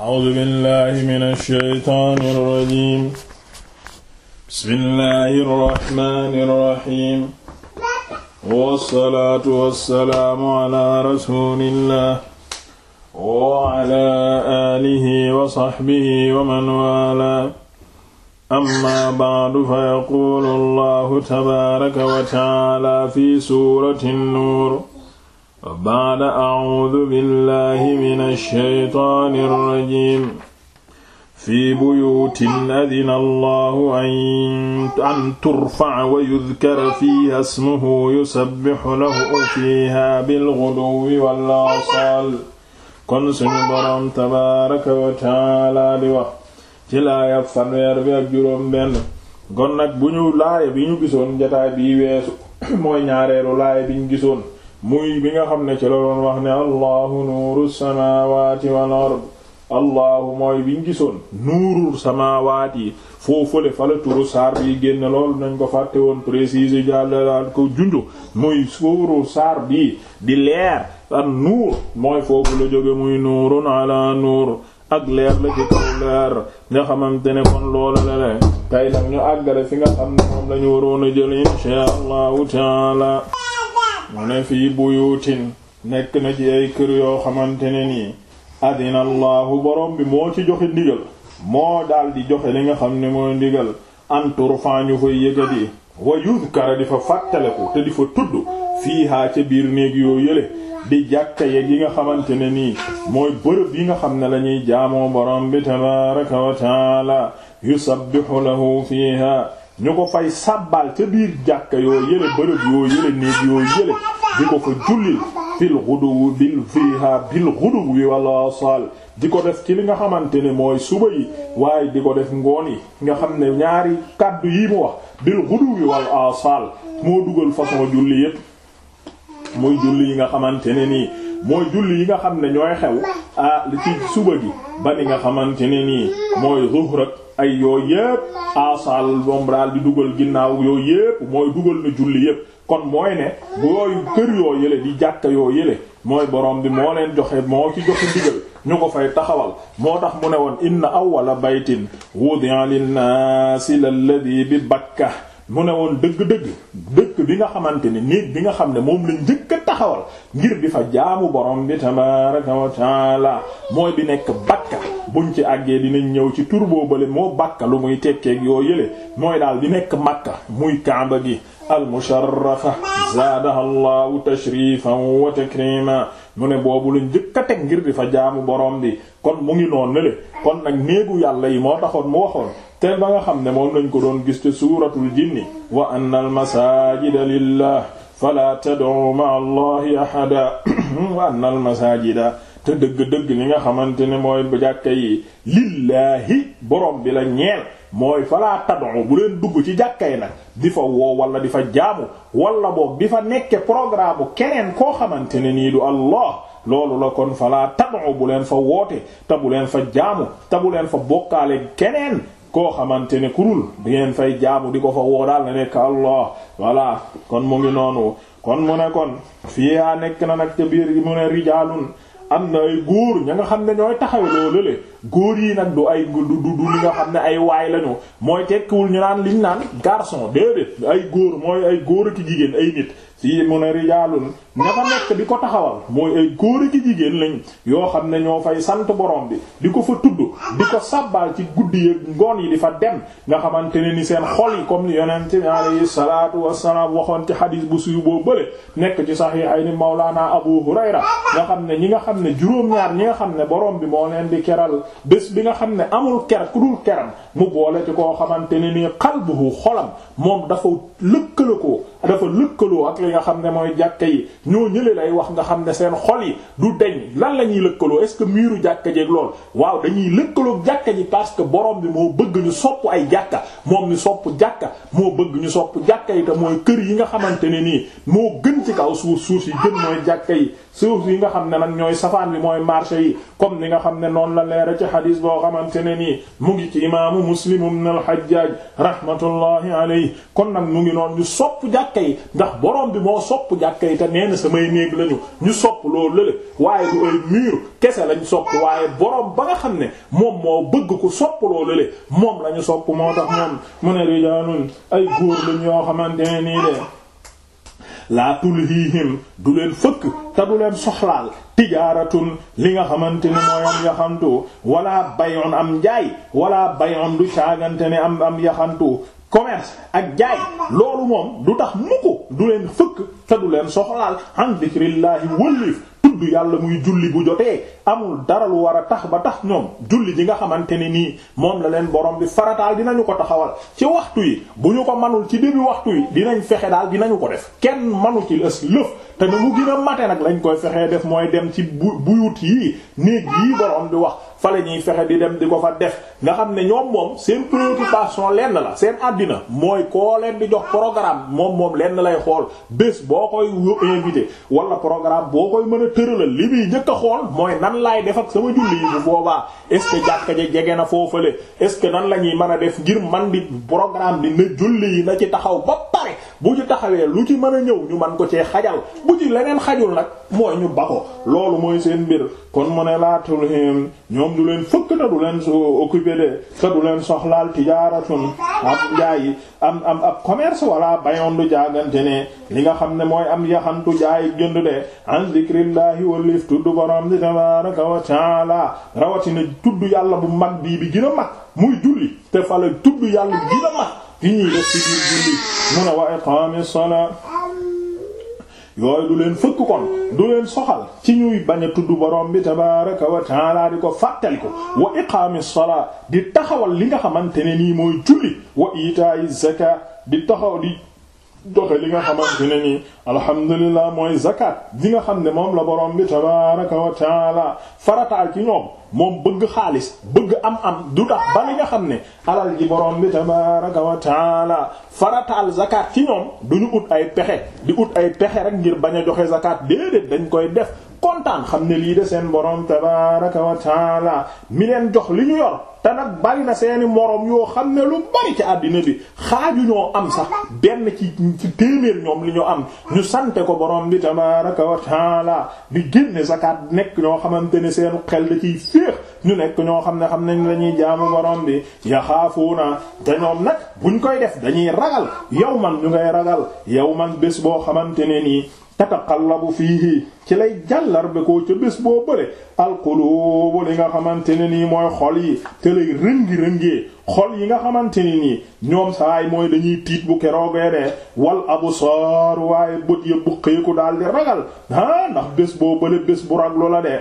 A'uuzu billaahi mina shaytaani rajiim. Bismillaahi rahmaani rahiim. Wa salaatu wa salaamu alaa rasuulillaah. Wa alaa aalihi wa sahbihi wa man waalaa. Ammaa ba'du fa yaquulu Allaahu tabaaraka wa ta'aalaa fi suurati Nuur. بعد أعوذ بالله من الشيطان الرجيم في بيوت أذن الله أن ترفع ويذكر فيها اسمه يسبح له فيها بالغدو والآصال kon suñu boroom tabaaraka wa taala di wax ci laaya fanweer bi ak juróom bi ñu gisoon jataay weesu mooy ñaareelu laaya bi gisoon muy bi nga xam ne ci la doon wax ne allahu nuuru samaawaati wal allahu mooy biñ gisoon nuurul samaawaat yi foofale fala turu saar bi génn loolu nañ ko fàtte woon précise jàllalaan ko junju muy suuru saar bi di leer ak nuur mooy foofu la muy nuurun ala nuur ak leer la ci kaw leer nga xamante ne kon loola le tey nag ñu àggale fi nga xam ne moom la ñu waroon a jël inshaa allahu taala mu ne fii buyuutin nekk na ci ay kër yoo xamante ne nii adina allahu borom bi moo ci joxe ndigal moo daal di joxe li nga xam ne mooy ndigal antur faa ñu fay yëkkati wa yuzkara di fa fàttaleku te di fa tudd fiihaa ca biir néeg yoo yële di jàkka yeeg yi nga xamante ne nii mooy bërëb yi nga xam ne lañuy jaamoo borom bi tabaaraka wa taala yusabbihu lahu fiihaa ñu ko fay sàbbal ca biir jàkka yoo yële bërëb yoo yële néeg yoo yële di ko fa jullil bil xuduwu bil fiha bil xuduw yi wala di ko def ci li nga xamante ne mooy suba yi waaye di ko def ngoon yi nga xam ne ñaari kàddu yi mu wax bil xuduw yi wala sal moo dugal façon julli yépp muy julli yi nga xamante ne nii mooy julli yi nga xam ne ñooy xew ah li ci suba gi ba ni nga xamante ne nii mooy zuhr ay yooyu yépp asal moom daal di dugal ginnaaw yooyu yépp mooy dugal na julli yépp kon mooy ne bu yooyu kër yoo yële di jàkka yoo yële mooy borom bi moo leen joxe moo ci joxe ndigal ñu ko fay taxawal moo tax mu ne woon inna awwala baytin wudi'a lin-naasi lalladhi bi Bakka mu ne woon dëgg-dëgg dëkk bi nga xamante ne néeg bi nga xam ne moom la njëkk a taxawal ngir di fa jaamu borom bi tabaraka wa taala mooy bi nekk bakka buñ ci àggee dinañ ñëw ci tur boobale moo bakka lu muy tekkeeg yoo yële mooy daal bi nekk makka muy kàmba gi almusharrafa zaadaha llahu tashrifan wa takrima mu ne boobu la njëkk a teg ngir di fa jaamu borom bi kon mu ngi noon ne kon nag néegu yàlla yi moo taxoon mu waxoon te ba nga xam ne moom lañ ko doon gis te suuratul jinni wa anna al masajida lillah fala tad'u ma'a allahi ahada wa anna al masajida te dëgg-dëgg li nga xamante ne mooy jàkka yi lillaahi borom bi la ñeel mooy falaa tad'u bu leen dugg ci jàkkay yi nag di fa woo wala di fa jaamu wala boog di fa nekke programme keneen koo xamante ne nii du allah loolu la kon falaa tad'u bu leen fa woote te bu leen fa jaamu te bu leen fa bokkaale keneen koo xamante ne kurul di ngeen fay jaamu di ko fa woo daal na nekk allah voilà kon mu ngi noonu kon mu ne kon fiihaa nekk na nag ca biir mu ne rijaalun am na ay góor ña nga xam ne ñooy taxawe loolu le góor yi nag du ay du du li nga xam ne ay waay lañu mooy tekkiwul ñu naan liñ naan garçon déedéet ay góor mooy ay góor ak jigéen ay nit fii mu ne rijaalun ña fa nekk di ko taxawal mooy ay góor gi jigéen lañ yoo xam ne ñoo fay sant borom bi di ko fa tudd di ko sàbbaal ci guddi yeeg ngoon yi di fa dem nga xamante ne ni seen xol yi comme ni yonent bi alayhi salaatu wassalaam waxoon ci xadiis bu suyu boo bële nekk ci sax yi ay saxiixayni mawlaana Abu Hurayra nga xam ne ñi nga xam ne juróom-ñaar ñi nga xam ne boroom bi moo leen di keral bés bi nga xam ne amul ker ku dul keram mu boole ci koo xamante ne ni qalbuhu xolam moom dafa lëkkaloo ko dafa nga xam ne mooy jàkka yi ñoo ñële lay wax nga xam ne seen xol yi du deñ lan la ñuy lëkkaloo est-ce que miiru jàkk jeeg lool waaw dañuy lëkkalook jàkka yi parce que borom bi moo bëgg ñu sopp ay jàkka moom ñu sopp jàkk moo bëgg ñu sopp jàkka yi mooy kër yi nga xamante ne nii moo gën ci kaw suuf suuf yi gën mooy jàkka yi suuf yi nga xam ne nag ñooy safaan bi mooy marché yi comme ni nga xam ne noonu la leera ci xadiis boo xamante ne nii mu ngi ci imaamu muslim ibn al-Hajjaj rahmatullahi kon nag mu ngi noonu ñu sopp jàkka yi ndax borom bi moo sopp jàkk yi te nee samay néeg lañu ñu sopp loolu lële waaye du ay mur kese lañ sopp waaye borom ba nga xam ne moom moo bëgg ko sopp loolu lële moom lañu sopp moo tax moom mu ne rijaalun ay góor lañ yoo xamante ne nii du leen fëkk te du leen soxlaal tijaaratun li nga xamante ne mooy am yaxantu wala bayoon am njaay walaa bay'un du caagante ne am am yaxantu commerce ak jaay loolu moom du tax mu du leen fëkk te du leen soxlaal an dikrillaahi wëllif tudd yàlla muy julli bu jotee amul dara lu war a tax ba tax ñoom julli ji nga xamante ne nii moom la leen borom bi farataal dinañu ko taxawal ci waxtu yi bu ñu ko manul ci début waxtu yi dinañ fexe daal dinañu ko def kenn manu ci lës lëf te na mu gën a mate nag lañ koy fexee def mooy dem ci bu buyut yi néeg yi borom bi wax fa la ñuy fexe di dem di ko fa def nga xam ne ñoom moom seen préoccupation lenn la seen àddina mooy koo leen di jox programme moom moom lenn lay xool bés boo koy invité wala programme boo koy mën a tëralal li muy njëkk a xool mooy nan laay def ak sama julli yi bu boobaa est-ce que jàkka ja jege na foofale est-ce que nan la ñuy mën a def ngir man di programme bi na julli yi na ci taxaw bopp bu ci taxawee lu ci mën a ñëw ñu man ko cee xajal bu ci leneen xajul nag mooy ñu ba ko loolu mooy seen mbir kon mu ne laa tulhim ñoom du leen fëkk te du leen su occupé de te du leen soxlaal tijaaratun ab jaayi am am ab commerce wala bayoon du jaagante ne li nga xam ne mooy am yaxantu jaayi jënd de an zikrillahi walif tudd borom di tabaraka wa taala rawatina tudd yàlla bu mag bii bi gën a mag muy julli te fa la tudd yàlla gën mag yi ñuy def ci biir julli mu ne wa iqaami salaa yooyu du leen fëkk kon du leen soxal ci ñuy bañ a tudd borom bi tabaaraka wa ko di ko fàttaliku wa iqaami salaa di taxawal li nga xamante ne nii mooy julli wa itaa'i zakaa di taxaw di. joxe li nga xamante ne nii alhamdulilah mooy zakat li nga xam ne moom la borom bi tabaraka wa taala farataal ci ñoom moom bëgg xaalis bëgg am-am du tax ba li nga xam ne alal ji borom bi tabaraka wa taala farataal zakat ci ñoom du ñu ut ay pexe di ut ay pexe rek ngir bañ a joxe zakat déedéet dañ koy def kontaan xam ne lii de seen borom tabaraka wa taala mi leen jox li ñu yor te nag bari na seeni moroom yoo xam ne lu bari ci àddina bi xaaju ñoo am sax benn ci ci téeméer ñoom li ñu am ñu sante ko borom bi tabaraka wa taala di génne zakat nekk ñoo xamante ne seenu xel da ciy féex ñu nekk ñoo xam ne xam nañ la ñuy jaamu borom bi yaxaafuuna te ñoom nag buñ koy def dañuy ragal yow man ñu ngay ragal yow man bés boo xamante ne nii la tataqallabu fiihi ci lay jàllarbe ko ca bés boo bële alqulubu li nga xamante ne nii mooy xol yi te lay rëngi-rëngee xol yi nga xamante ne nii ñoom saay mooy dañuy tiit bu keroogee dee wal absar waaye bët ya buqeeku daal di ragal ah ndax bés boo bële bés bu raglu la dee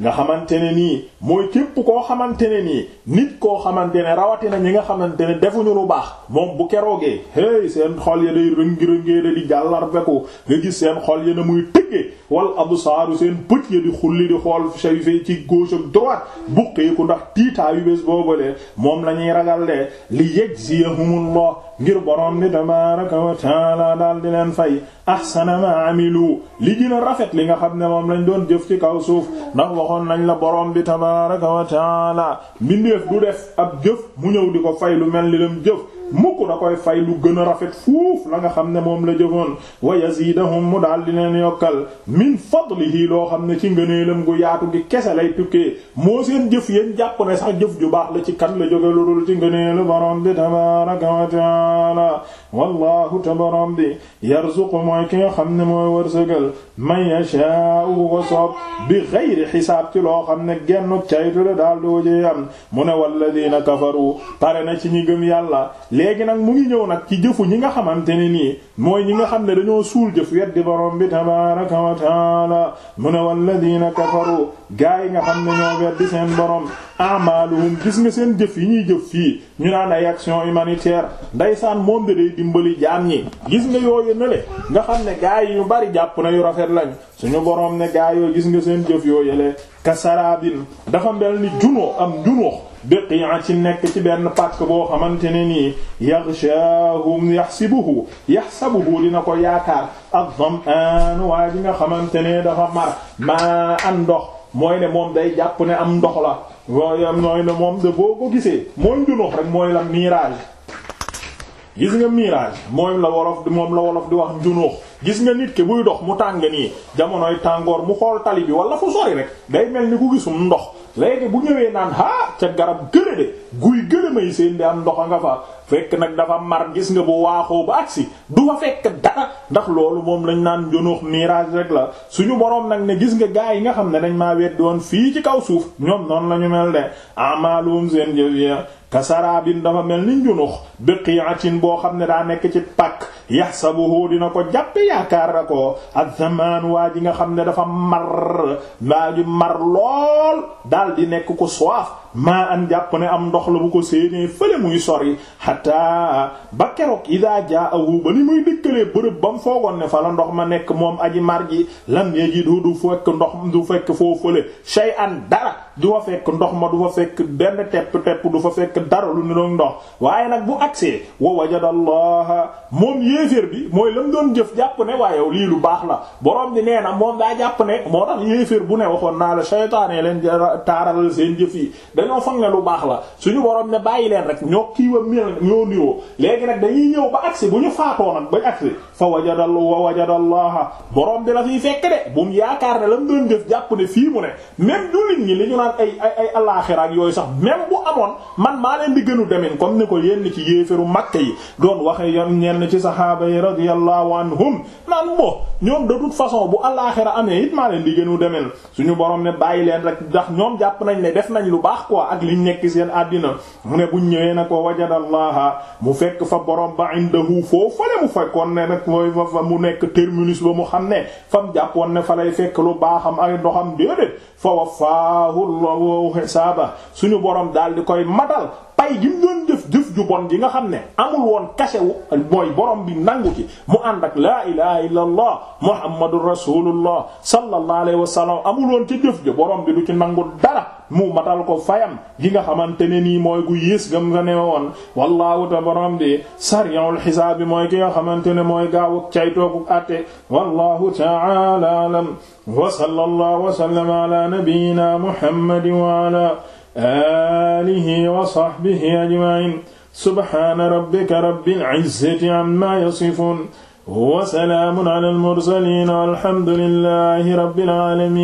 nga xamante ne nii mooy képp koo xamante ne nii nit koo xamante ne rawatina ñi nga xamante ne defuñu lu baax moom bu keroogee hey seen xol ya day rëngi-rëngee da di jàllar beku nga gis seen xol ya na muy tëj déggee wal absaaru seen bët ya di xulli di xool sayfe ci gauche ak droite buqeeku ndax tiitaayu bés boobalee moom la ñuy ragal de li yajziyahumullah ngir borom ni tabaaraka wa taala daal di leen fay ahsana ma amilu li gën a rafet li nga xam ne moom lañ doon jëf ci kaw suuf ndax waxoon nañ la borom bi tabaaraka wa taala mbindeef du def ab jëf mu ñëw di ko fay lu mel li lam jëf mukk da koy fay lu gën a rafet fuuf la nga xam ne moom la jëfoon wa yazidahum mu daal di leen yokkal min fadlihi loo xam ne ci ngëneelam gu yaatu gi kese lay tukkee moo seen jëf yéen jàpp ne sax jëf ju baax la ci kan la jóge lu dul ci ngëneelu borom bi tabaraka wa taala wallahu ta borom bi yarzuqu mooy ki nga xam ne mooy wërsëgal man yashaa'u wa soob bi ghayri xisaab ci loo xam ne gennu caytu la daal doo am mu ne walladina kafaru pare na ci ñi gëm yàlla léegi nag mu ngi ñëw nag ci jëfu ñi nga xamante ne nii mooy ñi nga xam ne dañoo suul jëf weddi borom bi tabaraka wa taala mu ne walladina kafaru gaa yi nga xam ne ñoo weddi seen borom amaluhum gis nga seen jëf yi ñuy jëf fii ñu naan ay action humanitaire ndaysaan moom de day dimbali jaam ñi gis nga yooyu nale nga xam ne gaa yi ñu bari jàpp na yu rafet lañ suñu borom ne gaa yoo gis nga seen jëf yoo yëlee kasarabin dafa mel ni junoo am junoo biqi'ati nekk ci benn pàkk boo xamante ne nii yaghshahum yahsibuhu yahsabuhu dina ko yaakaar ad-dham'an waaye bi nga xamante ne dafa mar maa an ndox mooy ne moom day jàpp ne am ndox la mooy ne moom de boo ko gisee mooy njunux rek mooy la mirage gis nga mirage mooy la wolof di moom la wolof di wax njunux gis nga nit ki buy dox mu tàng nii jamonoy tàngoor mu xool tali bi wala fu sori rek day mel ni ku gisum ndox léegi bu ñëwee naan ah ca garab gële de guy gële may seen di am ndox a nga fa fekk nag dafa mar gis nga bu waaxoo ba agsi du fa fekk dara ndax loolu moom lañ naan jonoox mirage rek la suñu boroom nag ne gis nga gaa yi nga xam ne dañ maa weddi woon fii ci kaw suuf ñoom noonu la ñu mel de amaalum seen jëf kasaraabin dafa mel ni njunux biqi'atin boo xam ne daa nekk ci pak yahsabuhu dina ko jàppe yaakaar na ko az-zamaan waa nga xam ne dafa mar waa ji mar lool daal di nekk ko soif maa an jàpp ne am ndox la bu ko séenee fële muy sori hatta ba keroog idaa jaa awu ba ni muy dëkkalee bërëb ba mu foogoon ne fa la ndox ma nekk moom aji mar ji lam yeegi du du fekk ndox du fekk foo fële shay an dara du fa fekk ndox ma du fa fekk benn tepp-tepp du fa fekk dara lu ni doon ndox waaye nag bu agsee wa wajadallaha moom yéeféer bi mooy lam doon jëf jàpp ne waaye yow lii lu baax la borom bi nee na moom daa jàpp ne moo tax yéeféer bu ne waxoon naa la shaytaane leen taaralal seen jëf yi dañoo foog ne lu baax la suñu borom ne bàyyi leen rek ñoo kii wa mel ñoo niroo léegi nag dañuy ñëw ba agsi bu ñu faatoo nag bañ agsi fa wajadal wa wajadallaha borom bi la fiy fekk de bu mu yaakaar ne la mu doon def jàpp ne fii mu ne même li ñu naan ay ay ay ak yooyu sax même bu man maa leen di gënu comme ni ko yenn ci yéeferu Makka yi doon waxe yoon ñenn ci saxaaba yi radiyallahu anhum naan moo ñoom de toute façon bu alaaxira amee it maa leen di gënu demin suñu borom ne bàyyi leen rek ndax ñoom jàpp nañ ne def nañ lu baax ko ak liñ nekk seen àddina mu ne buñ ñëwee na ko wajadallaha mu fekk fa borom ba indahu foofu fale mu fekkoon ne nag mooy fa mu nekk terminus ba mu xam ne fam jàppoon ne fa lay fekk lu baaxam ay doxam déedéet fa waffaahu llahu hisaaba suñu borom daal di koy madal pay gi mu jëf jëf ju bon gi nga xam ne amul woon kase wu mooy borom bi nangu ci mu ànd ak laa ilaha illa allah muhammadu rasulullah sallallahu alayhi wa sallam amul woon ci jëf ju borom bi du ci nangu dara mu matal ko fayam gi nga xamante ne nii mooy gu yées gam nga ne woon wallaahu ta borom bi sari'ul xisaab bi mooy ki nga xamante ne mooy gaawuk caytooku atte wallahu ta'ala alam wa sallallahu wa sallama ala nabiyyina muhammadin wa ala alihi wa sahbihi ajma'in subhana rabbika rabbil izzati amma yasifun wa salaamun ala al mursalin walhamdulillahi rabbil alamin